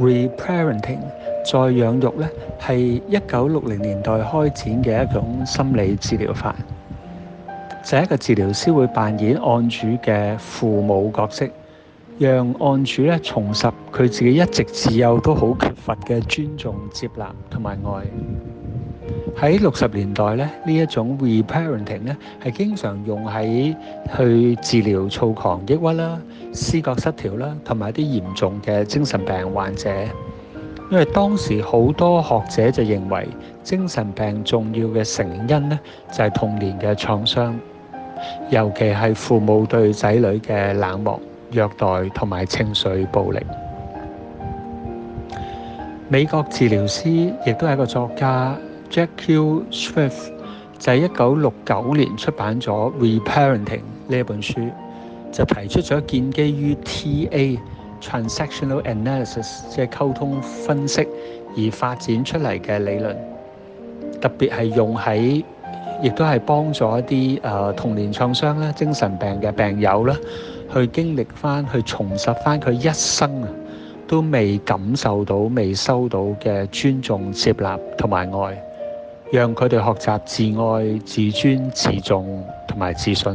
Reparenting 再養育咧，係一九六零年代開展嘅一種心理治療法。第、就是、一個治療師會扮演案主嘅父母角色，讓案主咧重拾佢自己一直自幼都好缺乏嘅尊重、接納同埋愛。喺六十年代咧，呢一種 reparenting 咧，係經常用喺去治療躁狂、抑鬱啦、思覺失調啦，同埋一啲嚴重嘅精神病患者。因為當時好多學者就認為精神病重要嘅成因咧，就係童年嘅創傷，尤其係父母對仔女嘅冷漠、虐待同埋情緒暴力。美國治療師亦都係一個作家。Jacky Swift 就係一九六九年出版咗《Reparenting》呢一本書，就提出咗建基於 TA Transactional Analysis 即係溝通分析而發展出嚟嘅理論，特別係用喺亦都係幫助一啲誒童年創傷啦、精神病嘅病友啦，去經歷翻、去重拾翻佢一生啊都未感受到、未收到嘅尊重、接納同埋愛。讓佢哋學習自愛、自尊、自重同埋自信。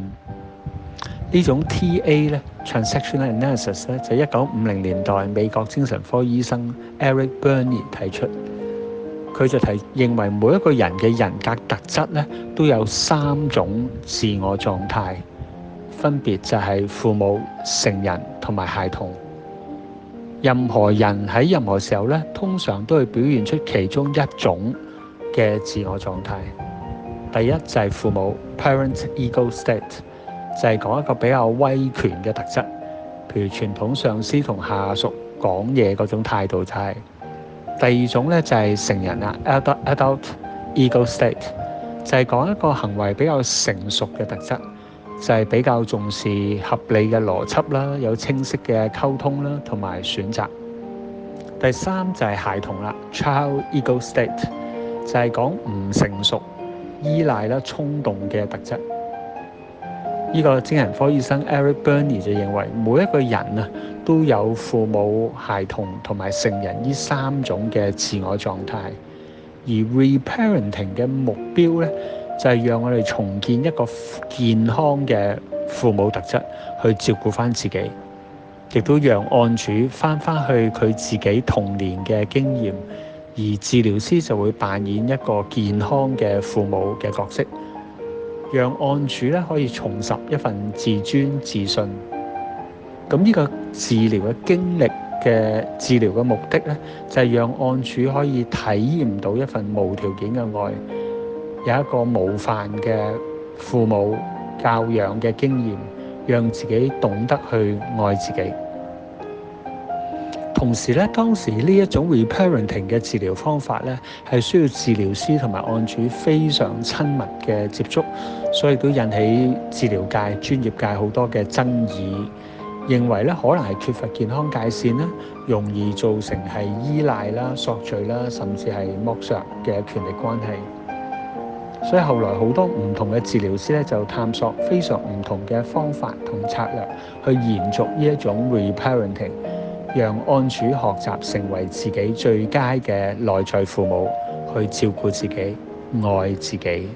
呢種 TA 咧，Transactional Analysis 咧，就係一九五零年代美國精神科醫生 Eric Berne 提出。佢就提認為每一個人嘅人格特質咧，都有三種自我狀態，分別就係父母、成人同埋孩童。任何人喺任何時候咧，通常都會表現出其中一種。嘅自我狀態，第一就係父母 （parent ego state） 就係講一個比較威權嘅特質，譬如傳統上司同下屬講嘢嗰種態度就係。第二種咧就係成人啦 （adult adult ego state），就係講一個行為比較成熟嘅特質，就係比較重視合理嘅邏輯啦，有清晰嘅溝通啦，同埋選擇。第三就係孩童啦 （child ego state）。就係講唔成熟、依賴啦、衝動嘅特質。呢個精神科醫生 Eric Berne 就認為，每一個人啊都有父母、孩童同埋成人呢三種嘅自我狀態。而 reparenting 嘅目標呢，就係、是、讓我哋重建一個健康嘅父母特質，去照顧翻自己，亦都讓案主翻返去佢自己童年嘅經驗。而治療師就會扮演一個健康嘅父母嘅角色，讓案主咧可以重拾一份自尊自信。咁呢個治療嘅經歷嘅治療嘅目的咧，就係讓案主可以體驗到一份無條件嘅愛，有一個模範嘅父母教養嘅經驗，讓自己懂得去愛自己。同時咧，當時呢一種 reparenting 嘅治療方法咧，係需要治療師同埋案主非常親密嘅接觸，所以都引起治療界、專業界好多嘅爭議，認為咧可能係缺乏健康界線啦，容易造成係依賴啦、索取啦，甚至係剝削嘅權力關係。所以後來好多唔同嘅治療師咧就探索非常唔同嘅方法同策略去延續呢一種 reparenting。讓案主學習成為自己最佳嘅內在父母，去照顧自己，愛自己。